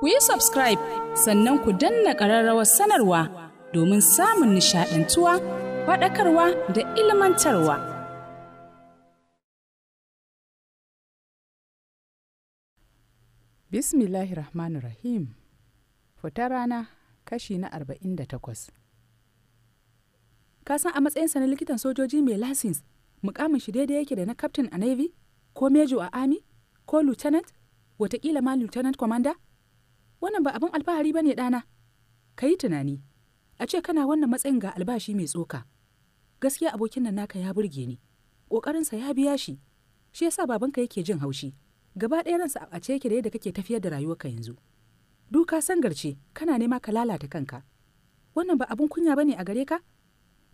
ku yi subscribe sannan ku danna ƙararrawar sanarwa domin samun nishaɗantuwa faɗakarwa da ilmantarwa. Bismillahir Rahmanir Rahim Fita rana kashi na arba'in da takwas. Ka san a matsayinsa na likitan sojoji mai lasins mukamin shi daidai yake da na kaftin a Navy ko Mejo a Army ko Lieutenant watakila ma Lieutenant Commander wannan ba abin alfahari ba ne ɗana ka yi tunani a ce kana wannan matsayin ga albashi mai tsoka gaskiya abokin nan naka ya burge ni ƙoƙarinsa ya biya shi shi yasa babanka yake jin haushi gaba ɗaya ransa a ce yake da yadda kake tafiyar da rayuwarka yanzu duka sangarce kana nema ka lalata kanka wannan ba abin kunya ba ne a gare ka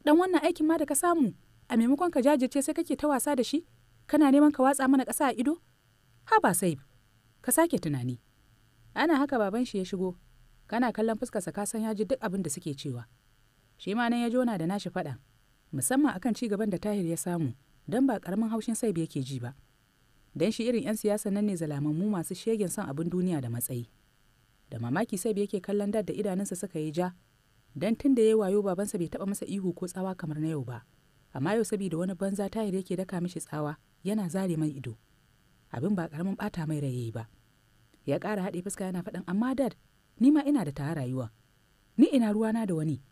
dan wannan aikin ma da ka samu a maimakon ka jajirce sai kake ta wasa da shi kana neman ka watsa mana ƙasa a ido ha ba sai ka sake tunani ana haka baban shi ya shigo kana kallon fuskarsa ka san ya ji duk abin da suke cewa shi ma nan ya jona da nashi faɗa musamman akan ci gaban da tahir ya samu don ba karamin haushin saib yake ji ba don shi irin 'yan siyasa nan ne zalamammu masu shegen son abin duniya da matsayi da mamaki saib yake kallon dad da idanunsa suka yi ja don tun da ya wayo babansa bai taba masa ihu ko tsawa kamar na yau ba amma yau saboda wani banza tahir yake daka mishi tsawa yana zare mai ido abin ba karamin bata mai raye ba ya ƙara haɗe fuska yana faɗin amma dad ni ma ina da ta rayuwa ni ina ruwa na da wani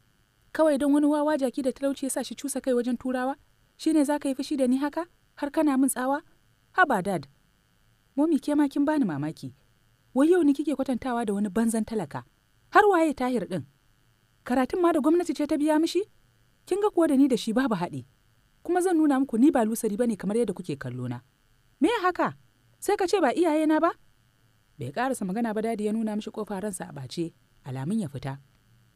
kawai don wani wawa jaki da talauci ya sa shi cusa kai wajen turawa shi ne za ka yi fushi da ni haka har kana min tsawa haba dad momi ke ma kin bani mamaki wai yau ni kike kwatantawa da wani banzan talaka har waye tahir din karatun ma da gwamnati ce ta biya mishi kin ga kuwa da ni da shi babu haɗi kuma zan nuna muku ni ba lusari bane kamar yadda kuke kallo na me haka sai ka ce ba iyayena ba bai karasa magana ba dadi ya nuna mishi kofa ransa a bace alamun ya fita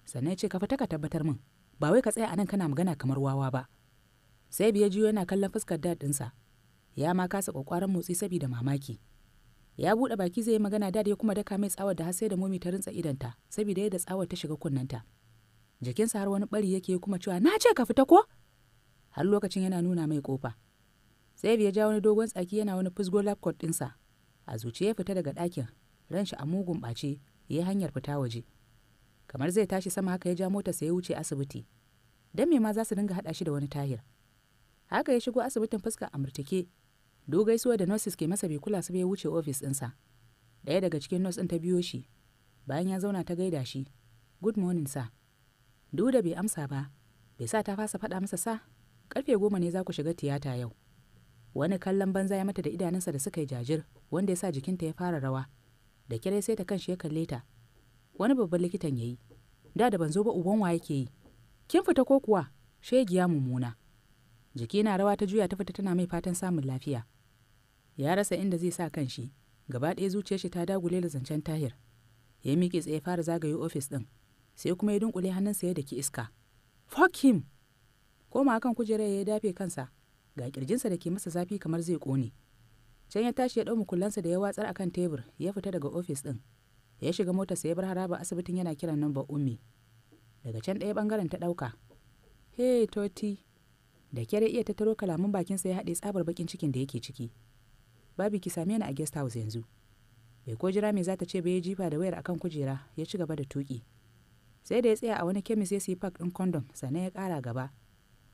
sannan ya ce ka fita ka tabbatar min ba wai ka tsaya anan kana magana kamar wawa ba sai biya jiyo yana kallon fuskar dad ɗinsa ya ma kasa kokarin motsi saboda mamaki ya buɗe baki zai yi magana dad ya kuma daka mai tsawar da har sai da momi ta rintsa idanta saboda yadda tsawar ta shiga kunnanta jikinsa har wani bari yake kuma cewa na ce ka fita ko har lokacin yana nuna mai kofa sai biya ja wani dogon tsaki yana wani fusgo lapcot ɗinsa a zuci ya fita daga ɗakin ran shi a mugun ɓace ya yi hanyar fita waje kamar zai tashi sama haka ya ja mota sai ya wuce asibiti dan me ma za su dinga haɗa shi da wani tahir haka ya shigo asibitin fuska a dogaisuwa da nurses ke masa bai kula su ya wuce ofis ɗinsa ɗaya daga cikin nurse ɗin ta biyo shi bayan ya zauna ta gaida shi good morning sa duk bai amsa ba bai sa ta fasa faɗa masa sa karfe goma ne za ku shiga tiyata yau wani kallon banza ya mata da idanunsa da suka yi jajir wanda ya sa jikinta ya fara rawa da kirai sai ta kanshi ya kalle ta wani babban likitan ya yi da da ban zo ba uban wa yake yi kin fita ko kuwa shegiya mummuna jiki na rawa ta juya ta fita tana mai fatan samun lafiya ya rasa inda zai sa kanshi gaba ɗaya zuciyar shi ta dagule da zancen tahir ya miƙe tsaye fara zagaye ofis ɗin sai kuma ya dunkule hannunsa ya daki iska fuck him koma akan kujerar ya dafe kansa ga kirjinsa da ke masa zafi kamar zai kone can ya tashi ya ɗau mukullansa da ya watsar akan tebur ya fita daga ofis ɗin ya shiga motarsa ya bar haraba asibitin yana kiran ba ummi daga can ɗaya ɓangaren ta ɗauka hey toti da kyar iya tattaro bakin bakinsa ya haɗe tsabar bakin cikin da yake ciki babi ki same ni a guest house yanzu bai ko jira me zata ce ba ya jifa da wayar akan kujera ya ci gaba da tuki sai da ya tsaya a wani kemis ya siyi pak ɗin kondom sannan ya ƙara gaba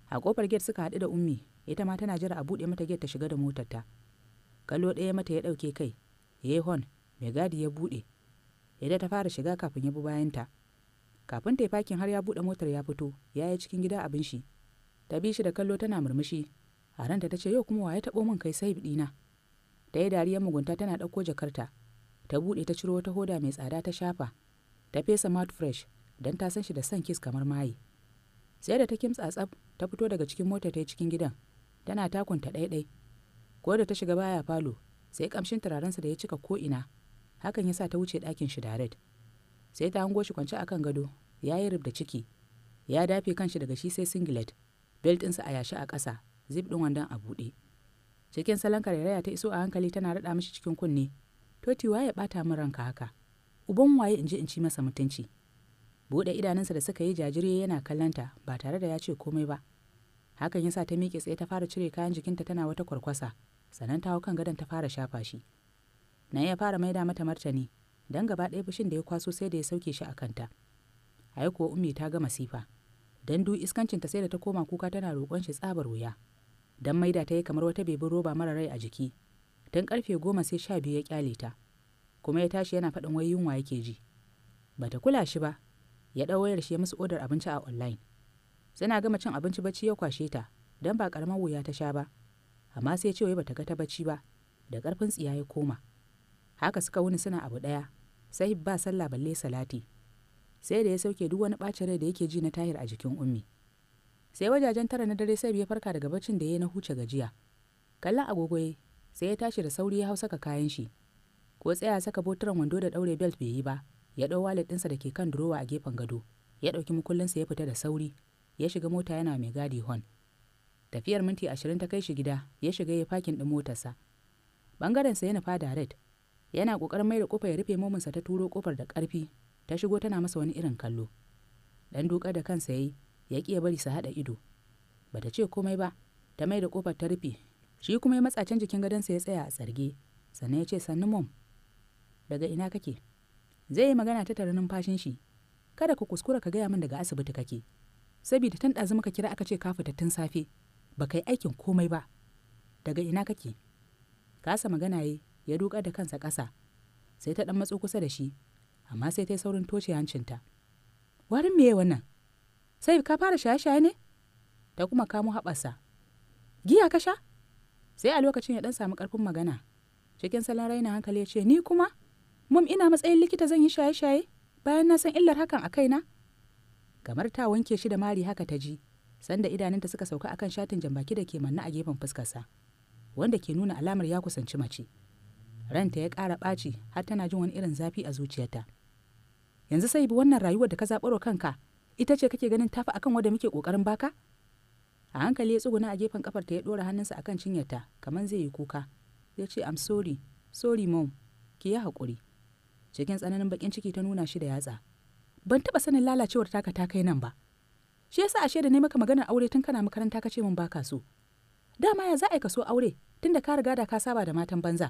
a kofar gate suka haɗu da ummi ita ma tana jira a buɗe mata gate ta shiga da ta kallo ɗaya mata ya ɗauke kai yayi hon mai gadi ya buɗe idan ta fara shiga kafin ya bi bayanta kafin ta yi fakin har ya buɗe motar ya fito ya yi cikin gida abin shi ta bi shi da kallo tana murmushi a ranta ta ce yau kuma wa ya taɓo min kai sai ɗina ta yi dariyar mugunta tana ɗauko jakarta ta buɗe ta ciro wata hoda mai tsada ta shafa ta fesa mouth fresh don ta san shi da san kis kamar mayi sai da ta kimtsa tsaf ta fito daga cikin motar ta yi cikin gidan tana takunta ɗaiɗai ko da ta shiga baya falo sai kamshin turarensa da ya cika ko'ina hakan ya sa ta wuce ɗakin shi daret sai ta hango shi kwance akan gado ya yi rubda ciki ya dafe kanshi daga shi sai singlet belt ɗinsa a yashi a ƙasa zip ɗin wandon a buɗe cikin salon karairaya ta iso a hankali tana raɗa mishi cikin kunne toti waye ɓata min ranka haka uban waye in je in ci masa mutunci buɗe idanunsa da suka yi jajire yana kallanta ba tare da ya ce komai ba hakan ya sa ta miƙe tsaye ta fara cire kayan jikinta tana wata kwarkwasa sannan ta hau kan gadon ta fara shafa shi na iya fara maida mata martani don gaba ɗaya fushin da ya kwaso sai da ya sauke shi a kanta ai kuwa ummi ta gama sifa dan du iskancinta sai da ta koma kuka tana roƙon shi tsabar wuya dan maida ta yi kamar wata bebin roba mara rai a jiki Tun karfe goma sai sha biyu ya kyale ta kuma ya tashi yana faɗin wai yunwa yake ji bata kula shi ba ya ɗau wayar shi ya musu odar abinci a online Suna gama cin abinci bacci ya kwashe ta, don ba ƙaramar wuya ta sha ba. Amma sai ce wai bata ga ta bacci ba, da karfin tsiya ya koma. Haka suka wuni suna abu ɗaya, sai ba sallah balle salati. Sai da ya sauke duk wani ɓacin rai da yake ji na tahir a jikin ummi. Sai wajajen tara na dare sai ya farka daga baccin da ya na huce gajiya. Kallon agogo sai ya tashi da sauri ya hau saka kayan shi. Ko tsaya saka boturan wando da ɗaure belt bai yi ba, ya ɗau walet ɗinsa da ke kan durowa a gefen gado. ya ɗauki mukullinsa ya fita da sauri ya shiga mota yana mai gadi hon tafiyar minti ashirin ta kai shi gida ya shiga ya fakin ɗin motarsa Ɓangaren ya nufa da red yana ƙoƙarin mai da ƙofa ya rufe mominsa ta turo ƙofar da ƙarfi ta shigo tana masa wani irin kallo ɗan duka da kansa ya yi ya ƙi ya bari su haɗa ido bata ce komai ba ta mai da ƙofar ta rufe shi kuma ya matsa can jikin gadonsa ya tsaya a tsarge sannan ya ce sannu mom daga ina kake zai yi magana ta tare numfashin shi kada ka kuskura ka gaya min daga asibiti kake saboda tan ɗazu muka kira aka ce ka fita tun safe ba kai aikin komai ba daga ina kake kasa magana yi ya duka da kansa ƙasa sai ta ɗan matsu kusa da shi amma sai ta yi saurin toce hancinta warin meye wannan sai ka fara shaye-shaye ne ta kuma kamo haɓarsa giya ka sha sai a lokacin ya ɗan samu ƙarfin magana cikin salon raina hankali ya ce ni kuma mum ina matsayin likita zan yi shaye-shaye bayan na san illar hakan a kaina kamar ta wanke shi da mari haka ta ji sanda idanunta suka sauka akan shatin jambaki da ke manna a gefen fuskarsa wanda ke nuna alamar ya kusanci mace ranta ya ƙara ɓaci har tana jin wani irin zafi a zuciyarta yanzu sai bi wannan rayuwar da ka zaɓaro kanka ita ce kake ganin tafi akan wanda muke ƙoƙarin baka a hankali ya tsuguna a gefen kafarta ya ɗora hannunsa akan cinyarta kamar zai yi kuka ya ce am sorry sorry mom ki yi haƙuri cikin tsananin baƙin ciki ta nuna shi da yatsa ban taɓa sanin lalacewar taka ta kai nan ba shi yasa ashe da ne maka maganar aure tun kana makaranta ka ce min baka so dama ya za a yi ka so aure tunda ka riga da ka saba da matan banza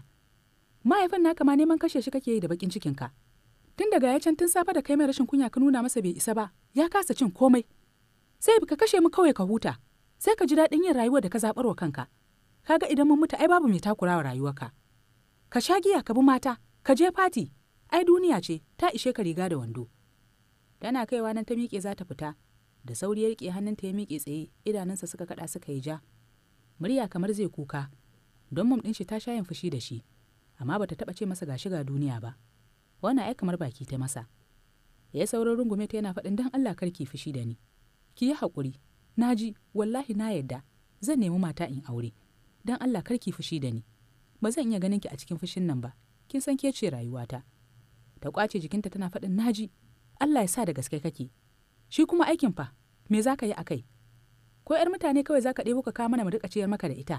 mahaifin naka ma neman kashe shi kake yi da bakin cikin ka tun daga ya can tun safe da kai mai rashin kunya ka nuna masa bai isa ba ya kasa cin komai sai ka kashe mu kawai ka huta sai ka ji daɗin yin rayuwa da ka zaɓar wa kanka ga idan mun mutu ai babu mai takurawa rayuwarka ka sha giya ka bi mata ka je fati ai duniya ce ta ishe ka riga da wando yana kaiwa nan ta miƙe za ta fita da sauri ya riƙe ta ya miƙe tsaye idanunsa suka kaɗa suka yi ja murya kamar zai kuka don mum ɗin shi ta yin fushi da shi amma bata taɓa ce masa gashi ga duniya ba wani ai kamar baki ta masa ya yi saurin rungume ta yana faɗin don Allah karki fushi da ni ki yi haƙuri na ji wallahi na yadda zan nemi mata in aure don Allah karki fushi da ni ba zan iya ganin ki a cikin fushin nan ba kin san ke ce rayuwata ta kwace jikinta tana faɗin naji Allah ya sa da gaske kake shi kuma aikin fa me za ka yi a kai ko yar mutane kawai za ka ɗebo ka kawo mana mu ciyar maka da ita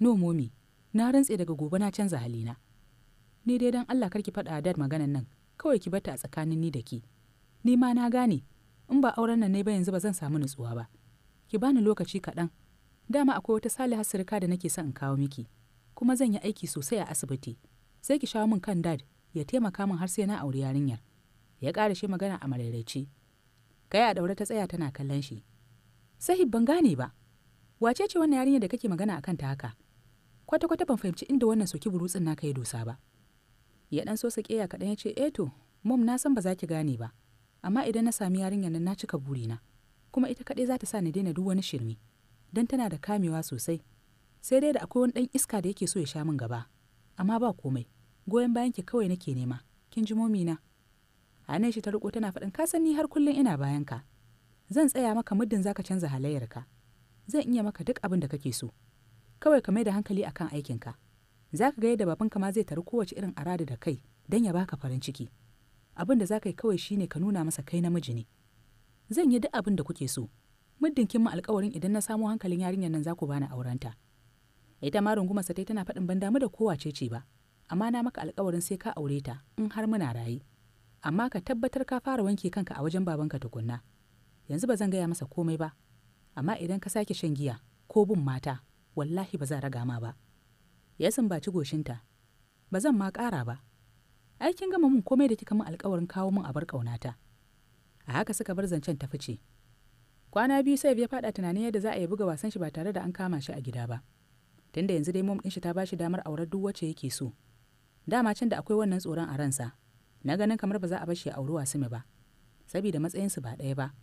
no momi na rantse daga gobe na canza halina ni dai don Allah karki faɗa dad maganan nan kawai ki bata a tsakanin ni da ki ni ma na gane in ba auren nan ne ba yanzu ba zan samu nutsuwa ba ki bani lokaci kaɗan dama akwai wata saliha sirka da nake son in kawo miki kuma zan yi aiki sosai a asibiti sai ki shawo min kan dad ya taimaka min har sai na auri yarinyar ya ƙara shi magana a maraice kai a daure ta tsaya tana kallon shi sahib ban gane ba wace ce wannan yarinyar da kake magana akan ta haka kwata kwata ban fahimci inda wannan soki burutsin naka ya dosa ba ya ɗan so sake ya kaɗan ya ce eh to mom na san ba za ki gane ba amma idan na sami yarinyar nan na cika burina kuma ita kaɗai za ta sa ni daina duk wani shirme don tana da kamewa sosai sai dai da akwai wani ɗan iska da yake so ya sha min gaba amma ba komai goyon bayan ki kawai nake nema kin ji momina anan shi ta riko tana faɗin ka san ni har kullum ina bayan ka zan tsaya maka muddin zaka canza halayyarka zan iya maka duk abin da kake so kawai ka mai da hankali akan aikinka za ka ga yadda babanka ma zai tari kowace irin arada da kai don ya baka farin ciki abin da za ka yi kawai shine ka nuna masa kai namiji ne zan yi duk abin da kuke so muddin kin mu alƙawarin idan na samo hankalin yarinyar nan za ku bani aurenta ita ma runguma sa tana faɗin ban damu da kowace ce ba amma na maka alƙawarin sai ka aure ta in har muna raye amma ka tabbatar ka fara wanke kanka a wajen babanka tukunna yanzu ba zan gaya masa komai ba amma idan ka sake shan giya ko bin mata wallahi ba za raga ma ba ya sumbaci goshinta ba zan ma ƙara ba aikin gama mun komai da kika min alkawarin kawo min abar kaunata a haka suka bar zancen ta fice kwana biyu sai ya faɗa tunanin yadda za a yi buga wasan shi ba tare da an kama shi a gida ba tunda yanzu dai mom ɗin shi ta bashi damar aurar duk wacce yake so dama can da akwai wannan tsoron a ransa na ganin kamar ba za a bar shi ya auri wasu ba saboda su ba ɗaya ba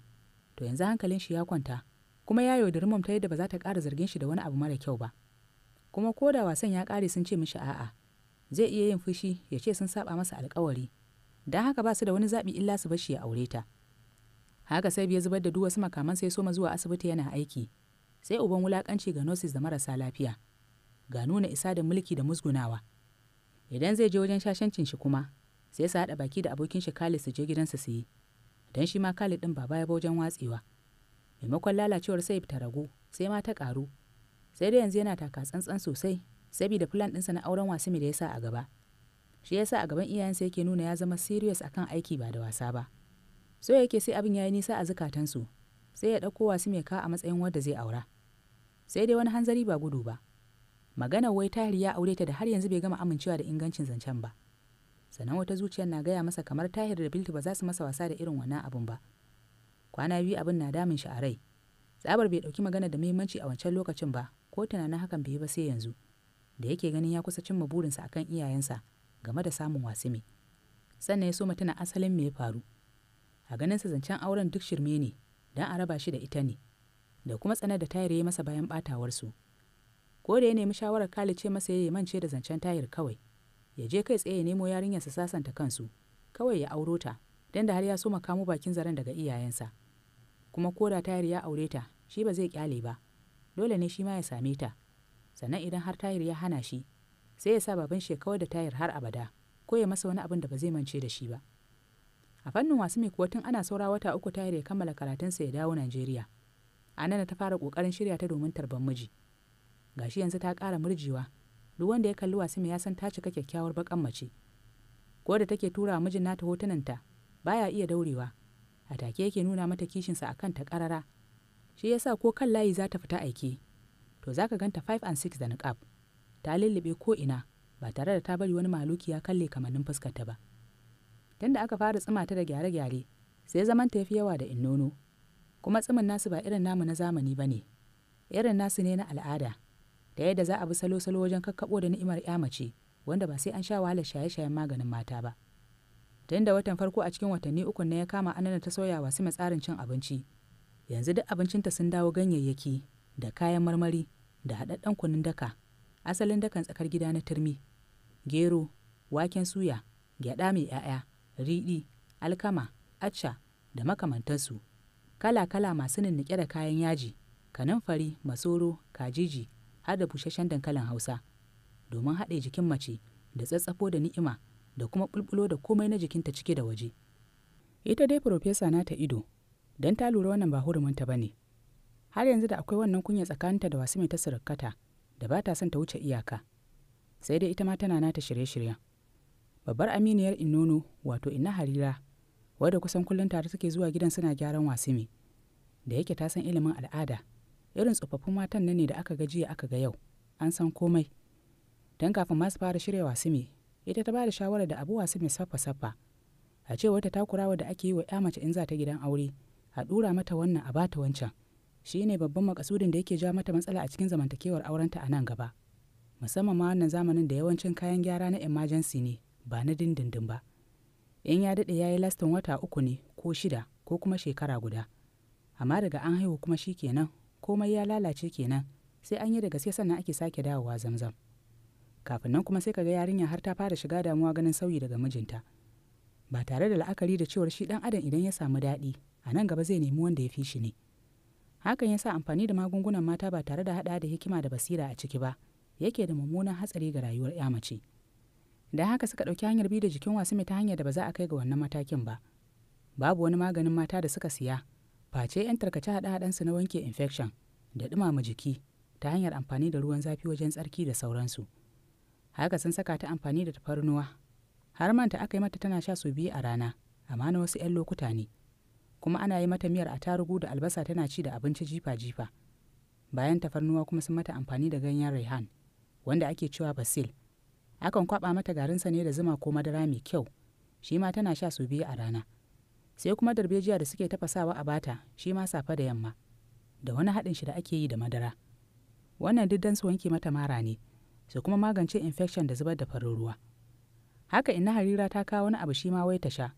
to yanzu hankalin shi ya kwanta kuma ya yaudari mom ta yadda ba za ta ƙara zargin shi da wani abu mara kyau ba kuma ko da wasan ya ƙare sun ce mishi a'a zai iya yin fushi ya ce sun saba masa alkawari dan haka ba su da wani zaɓi illa su bashi ya aure ta haka sai ya zubar da duk wasu makaman sai soma zuwa asibiti yana aiki sai uban wulakanci ga nosis da marasa lafiya ga nuna isa da mulki da musgunawa idan zai je wajen shashancin shi kuma sai su haɗa baki da abokin shi Khalid su je gidansa su yi dan shi ma Khalid ɗin ba baya ba wajen watsewa maimakon lalacewar sai ta ragu sai ma ta ƙaru sai dai yanzu yana taka tsantsan sosai saboda plan ɗinsa na auren wasimi da ya sa a gaba shi ya sa a gaban iyayensa yake nuna ya zama serious akan aiki ba da wasa ba so yake sai abin ya yi nisa a zukatansu sai ya ɗauko wasu mai ka a matsayin wadda zai aura sai dai wani hanzari ba gudu ba maganar wai tahir ya aure ta da har yanzu bai gama amincewa da ingancin zancen ba sannan wata zuciyar na gaya masa kamar tahir da biltu ba za su masa wasa da irin wannan abin ba kwana biyu abin na damun shi a rai tsabar bai ɗauki magana da muhimmanci a wancan lokacin ba ko tunanin hakan bai yi ba sai yanzu da yake ganin ya kusa cimma burinsa a kan iyayensa game da samun wasimi sannan ya so mutuna asalin me ya faru a ganinsa zancen auren duk shirme ne don a raba shi da ita ne da kuma tsanar da Tahir ya masa bayan batawarsu ko da ya nemi shawarar ce masa ya yi mance da zancen Tahir kawai ya je kai tsaye ya nemo yarinyar su sasanta kansu kawai ya auro ta dan da har ya so makamu bakin zaren daga iyayensa kuma ko da tayar ya aure ta shi ba zai kyale ba dole ne shi ma ya same ta sannan idan har tayar ya hana shi sai ya sa baban shi kawai da tayar har abada ko ya masa wani abin da ba zai mance da shi ba a fannin wasu mai kuwa tun ana saura wata uku tayar ya kammala karatunsa ya dawo najeriya anana ta fara kokarin shirya ta domin tarban miji gashi yanzu ta ƙara murjewa duk wanda ya kalli wasu ya san ta cika kyakkyawar bakan mace ko da take tura wa mijin nata hotunanta baya iya daurewa a take yake nuna mata kishinsa akan ta karara shi yasa ko kan layi za ta fita aiki to za ka ganta 5 and 6 da niqab ta lullube ko ina ba tare da ta bari wani maluki ya kalle kamannin fuskarta ba tunda aka fara tsima ta da gyare-gyare sai zaman ta yafi yawa da innono kuma tsimin nasu ba irin namu na zamani ba ne irin nasu ne na al'ada da yadda za a bi salo-salo wajen kakkaɓo da ni'imar ya mace wanda ba sai an sha wahalar shaye-shayen maganin mata ba tun da watan farko a cikin watanni uku ne ya kama anana ta sauya wa mai tsarin cin abinci yanzu duk abincinta sun dawo ganyayyaki da kayan marmari da haɗaɗɗen kunun daka asalin dakan tsakar gida na turmi gero waken suya gyaɗa mai 'ya'ya riɗi alkama acca da makamantansu kala-kala masu ninniƙe da kayan yaji kanunfari masoro kajiji har da bushashen dankalin hausa domin haɗe jikin mace da tsatsafo da ni'ima da kuma bulbulo da komai na jikinta cike da waje ita dai na ta ido don ta lura wannan ba huruminta ba ne har yanzu da akwai wannan kunya tsakaninta da wasu mai ta surukata da ba ta son ta wuce iyaka sai dai ita ma tana nata shirye shirye babbar aminiyar innono wato inna harira wadda kusan kullum tare suke zuwa gidan suna gyaran wasimi da yake ta san ilimin al'ada irin tsofaffin matan nan ne da aka ga jiya aka ga yau an san komai don kafin masu fara shirya me. ita ta ba da shawarar da abu mai saffa saffa a ce wata takurawa da ake yi wa ya mace in za ta gidan aure a dura mata wannan a bata wancan shi ne babban makasudin da yake ja mata matsala a cikin zamantakewar aurenta a nan gaba musamman ma wannan zamanin da yawancin kayan gyara na emergency ne ba na dindindin ba in ya daɗe ya yi lastin wata uku ne ko shida ko kuma shekara guda amma daga an haihu kuma shi kenan komai ya lalace kenan sai an yi da gaske sannan ake sake dawowa zamzam kafin nan kuma sai kaga yarinya har ta fara shiga damuwa ganin sauyi daga mijinta ba tare da la'akari da cewar shi dan adam idan ya samu daɗi a nan gaba zai nemi wanda ya fi shi ne hakan ya sa amfani da magungunan mata ba tare da haɗa da hikima da basira a ciki ba yake da mummunan hatsari ga rayuwar ya mace da haka suka ɗauki hanyar bi da jikin wasu mai ta hanyar da ba za a kai ga wannan matakin ba babu wani maganin mata da suka siya face 'yan tarkace haɗe-haɗensu na wanke infection da ɗumama jiki ta hanyar amfani da ruwan zafi wajen tsarki da sauransu haka sun saka ta amfani da tafarnuwa har manta aka yi mata tana sha su biyu a rana amma na wasu 'yan lokuta ne kuma ana yi mata miyar atarugu da albasa tana ci da abinci jifa-jifa bayan tafarnuwa kuma sun mata amfani da ganyen rehan wanda ake cewa basil akan kwaɓa mata garinsa ne da zuma ko madara mai kyau shi ma tana sha su biyu a rana sai kuma darbejiya da suke tafasawa a bata shi ma safa da yamma da wani haɗin shi da ake yi da madara wannan duk dan su wanke mata mara ne su kuma magance infection da zubar da farin ruwa haka ina harira ta kawo wani abu shi ma wai ta sha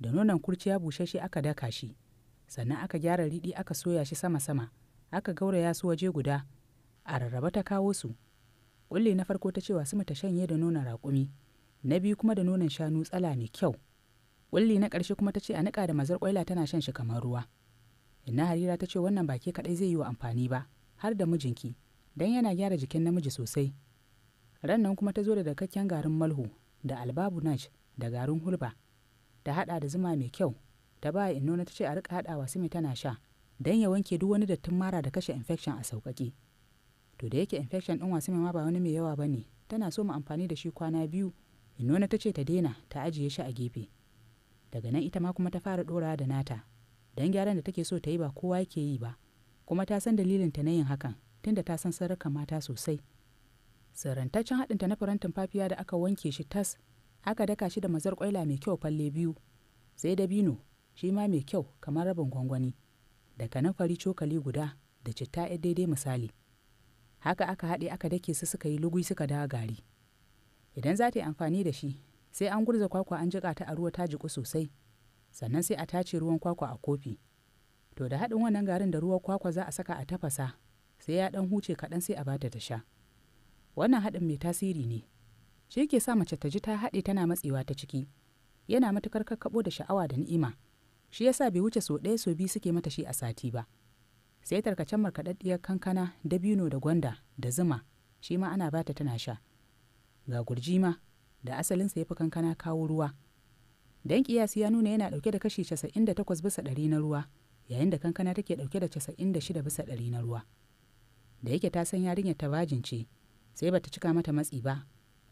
da nonon kurciya bushashe aka daka shi sannan aka gyara riɗi aka soya shi sama-sama aka gauraya su waje guda a rarraba ta kawo su kulle na farko ta cewa su ta shanye da nonon raƙumi na biyu kuma da nonon shanu tsala mai kyau Ƙulli na ƙarshe kuma ta ce a niƙa da mazar ƙwaila tana shan shi kamar ruwa. Inna Harira ta ce wannan baki kaɗai zai yi wa amfani ba, har da mijinki, don yana gyara jikin namiji sosai. Rannan kuma ta zo da dakakken garin malhu da albabu naj da garin hulba Ta haɗa da zuma mai kyau Ta ba inno ta ce a riƙa haɗawa sumi tana sha don ya wanke duk wani dattin mara da kashe infection a sauƙaƙe. To da yake infection ɗin wasu ma ba wani mai yawa ba ne, tana so mu amfani da shi kwana biyu. Inona ta ce ta daina ta ajiye shi a gefe. daga nan ita ma kuma ta fara ɗorawa da nata don gyaran da take so ta yi ba kowa yake yi ba kuma ta san dalilin ta na yin hakan tunda ta san sarrafa mata sosai sirrantaccen haɗinta na farantin fafiya da aka wanke shi tas aka daka shi da mazar kwaila mai kyau falle biyu sai dabino shi ma mai kyau kamar rabin gwangwani da fari cokali guda da citta ya daidai misali haka aka haɗe aka dake su suka yi lugui suka dawo gari idan za ta yi amfani da shi sai an gurza kwakwa an jiƙa ta a ruwa ta jiku sosai sannan sai a tace ruwan kwakwa a kofi to da haɗin wannan garin da ruwan kwakwa za a saka a tafasa sai ya ɗan huce kaɗan sai a bata ta sha wannan haɗin mai tasiri ne shi ke sa mace ta ji ta haɗe tana matsewa ta ciki yana matukar kakkaɓo da sha'awa da ni'ima shi ya sa bai wuce sau ɗaya sau biyu suke mata shi a sati ba sai tarkacen markaɗaɗɗiyar kankana dabino da gwanda da zuma shi ma ana bata tana sha ga gurji da asalinsa ya fi kankana kawo ruwa dan kiyasi ya nuna yana dauke da kashi 98 bisa ɗari na ruwa yayin da kankana take dauke da 96 bisa ɗari na ruwa da yake ta san yarinyar ta bajin ce sai bata cika mata matsi ba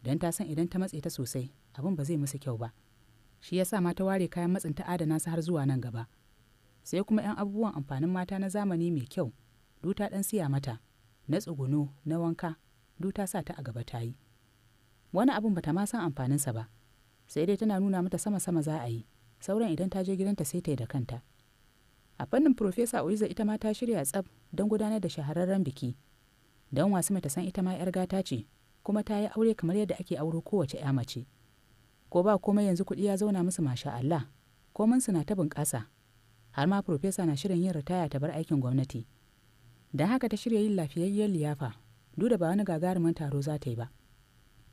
don ta san idan ta matse ta sosai abin ba zai musu kyau ba shi ya sa mata ware kayan matsin ta adana su har zuwa nan gaba sai kuma 'yan abubuwan amfanin mata na zamani mai kyau duta dan siya mata na tsuguno na wanka duta sa ta a gaba ta yi wani abin bata ma san amfaninsa ba sai dai tana nuna mata sama-sama za a yi sauran idan ta je gidanta sai ta yi da kanta a fannin Profesa Oiza ita ma ta shirya tsab don gudanar da shahararren biki don wasu mata san ita ma 'yar gata ce kuma ta yi aure kamar yadda ake auro kowace 'ya mace ko ba komai yanzu kuɗi ya zauna musu masha Allah komin na ta bunƙasa har ma Profesa na shirin yin ritaya ta bar aikin gwamnati don haka ta shirya yin lafiyayyen liyafa duk da ba wani gagarumin taro za ta yi ba.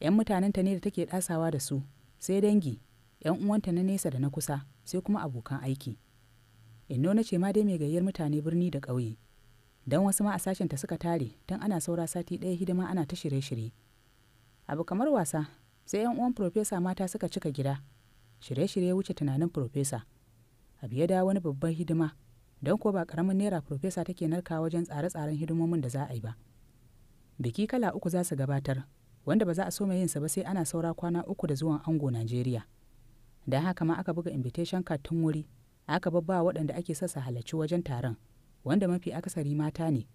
'yan mutanenta ne da take ɗasawa da su sai dangi 'yan uwanta na nesa da na kusa sai kuma abokan aiki inno na ce ma dai mai gayyar mutane birni da ƙauye don wasu ma a sashenta suka tare tun ana saura sati ɗaya hidima ana ta shirye-shirye abu kamar wasa sai 'yan uwan profesa mata suka cika gida shirye-shirye wuce tunanin profesa a ya dawo wani babban hidima don ko ba karamin naira profesa take narka wajen tsare-tsaren hidimomin da za a yi ba biki kala uku za su gabatar wanda ba za a so mai yinsa ba sai ana saura kwana uku da zuwan ango Najeriya. Da haka ma aka buga invitation card tun wuri, aka babba waɗanda ake sassa halarci wajen taron, wanda mafi akasari mata ne.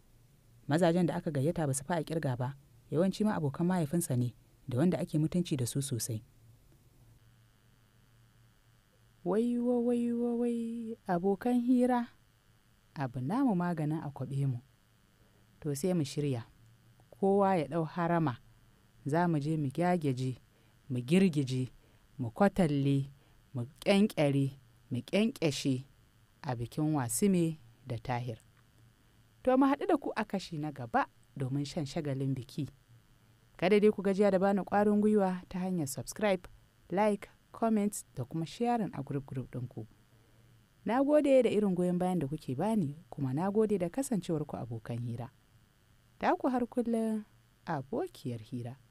Mazajen da aka gayyata ba su fa a kirga ba, yawanci ma abokan mahaifinsa ne da wanda ake mutunci da su sosai. wai wai wai abokan hira, abu namu maganin a kwaɓe mu. To sai mu shirya, kowa ya ɗau harama. za mu je mu gyagyaje mu girgije mu kwatalle mu kyankyare, mu kyankyashe, a bikin wasime da tahir to mu haɗu da ku a kashi na gaba domin shan shagalin biki kada dai ku gajiya da bani ƙwarin gwiwa ta hanyar subscribe like comment da kuma sharing a group group ɗinku na gode da irin goyon bayan da kuke bani kuma na gode da kasancewarku abokan hira ta ku har kullum abokiyar hira